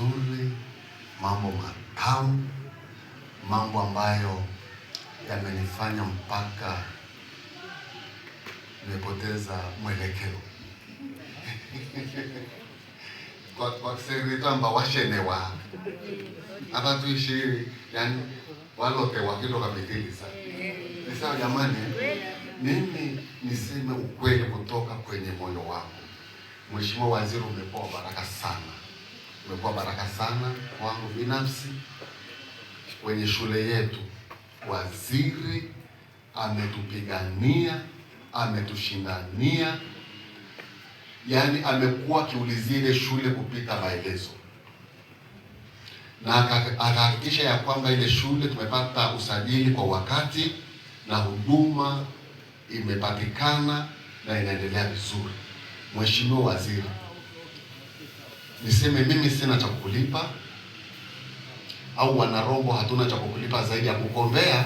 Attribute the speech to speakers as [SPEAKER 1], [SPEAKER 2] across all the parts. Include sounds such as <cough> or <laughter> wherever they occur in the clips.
[SPEAKER 1] mazuri, mambo matamu, mambo ambayo yamenifanya mpaka nimepoteza mwelekeo <laughs> kwakuseritamba washenewa abantu ishiri yani walote wakitoka mitilisa nisawa jamani mimi niseme ukweli kutoka kwenye moyo wangu mheshimiwa waziri umepoa baraka imekuwa baraka sana kwangu binafsi kwenye shule yetu. Waziri ametupigania, ametushindania, yaani amekuwa akiulizia ile shule kupita maelezo na akahakikisha ya kwamba ile shule tumepata usajili kwa wakati na huduma imepatikana na inaendelea vizuri. Mheshimiwa Waziri niseme mimi sina cha kukulipa au wanarongo hatuna cha kukulipa zaidi ya kukombea,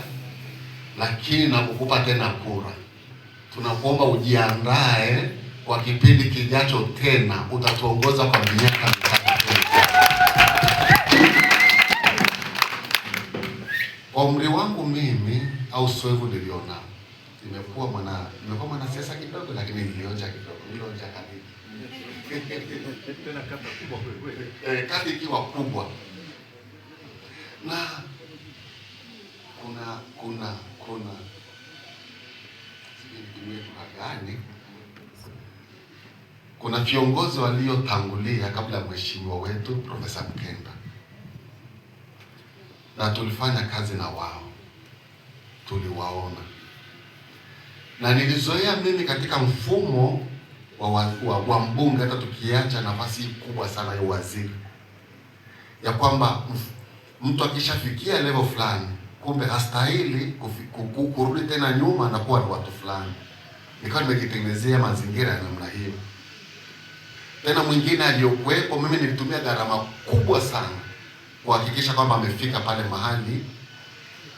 [SPEAKER 1] lakini nakukupa tena kura. Tunakuomba ujiandae kwa kipindi kijacho, tena utatuongoza kwa miaka mitatu. Kwa umri wangu mimi au hivyo nilionao nimekuwa mwana nimekuwa mwanasiasa kidogo, lakini nilionja kidogo, nilionja kadhi <laughs> tena kadhi kubwa kweli eh, kadhi ikiwa kubwa na kuna kuna kuna sijui gani, kuna viongozi waliotangulia kabla ya mheshimiwa wetu Profesa Mkenda, na tulifanya kazi na wao, tuliwaona na nilizoea mimi katika mfumo wa, wa, wa, wa mbunge, hata tukiacha nafasi kubwa sana ya waziri, ya kwamba mtu akishafikia level fulani, kumbe hastahili kurudi tena nyuma na kuwa ni watu fulani. Nikawa nimejitengenezea mazingira ya namna hiyo. Tena mwingine aliyokuwepo, mimi nilitumia gharama kubwa sana kuhakikisha kwamba amefika pale mahali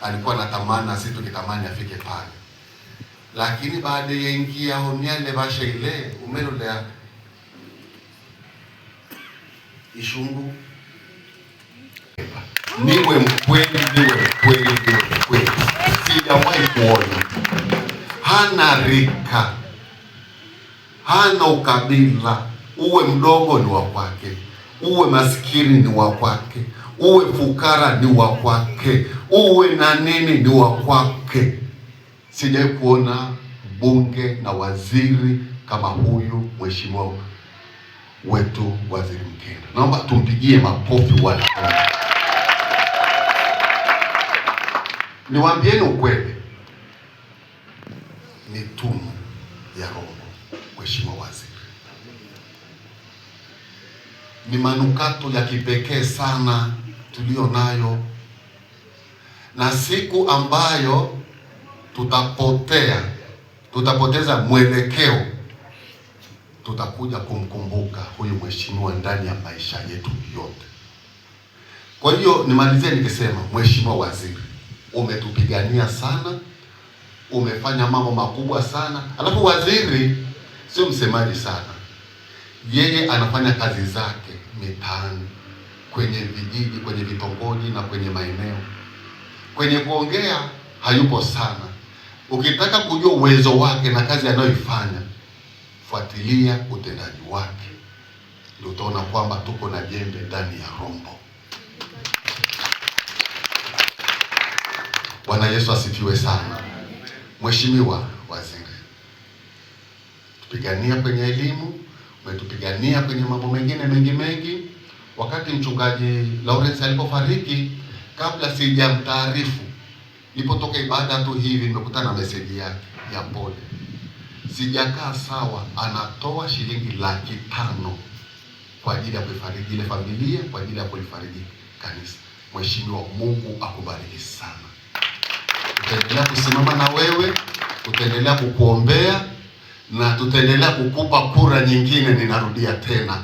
[SPEAKER 1] alikuwa anatamani na sisi tukitamani afike pale lakini baada yengiyaho le basha ile umelola ishungu niwe mkweli, niwe mkweli, niwe mkweli, sijawahi kuona hana rika, hana ukabila. Uwe mdogo ni wa kwake, uwe maskini ni wa kwake, uwe fukara ni wa kwake, uwe na nini ni wa kwake. Sijawahi kuona bunge na waziri kama huyu mheshimiwa wetu Waziri Mkenda. Naomba tumpigie makofi wala. Niwaambieni ukweli, ni tunu ya Roho, mheshimiwa waziri, ni manukato ya kipekee sana tuliyo nayo, na siku ambayo tutapotea, tutapoteza mwelekeo, tutakuja kumkumbuka huyu mheshimiwa ndani ya maisha yetu yote. Kwa hiyo nimalizie nikisema, Mheshimiwa Waziri, umetupigania sana, umefanya mambo makubwa sana. Alafu waziri sio msemaji sana, yeye anafanya kazi zake mitaani, kwenye vijiji, kwenye vitongoji na kwenye maeneo. Kwenye kuongea hayupo sana Ukitaka kujua uwezo wake na kazi anayoifanya, fuatilia utendaji wake, ndio utaona kwamba tuko na jembe ndani ya rombo. Bwana Yesu asifiwe sana. Mheshimiwa Waziri, tupigania kwenye elimu, umetupigania kwenye mambo mengine mengi mengi. Wakati mchungaji Lawrence alipofariki, kabla sijamtaarifu Nilipotoka ibada tu hivi nimekutana na meseji ya, ya pole. Sijakaa sawa, anatoa shilingi laki tano kwa ajili ya kuifariji ile familia, kwa ajili ya kulifariji kanisa. Mheshimiwa, Mungu akubariki sana. Tutaendelea kusimama na wewe, tutaendelea kukuombea na tutaendelea kukupa kura nyingine. Ninarudia tena,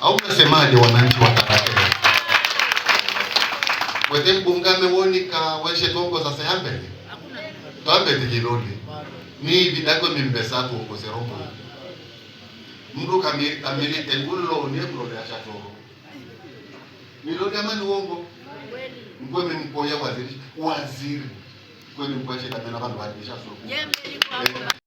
[SPEAKER 1] au unasemaje, wananchi wa Mwete mbungame wonika ka weshe tongo sasa yambele. Tuambe tijiloni. Ni vidako mimbesa tu uko serombo. Mndu kamili kamili tengulo ni mlo ya amani uongo. Mkwe mimpoya waziri. Waziri. Kwe mimpoya shetamena bandu soko.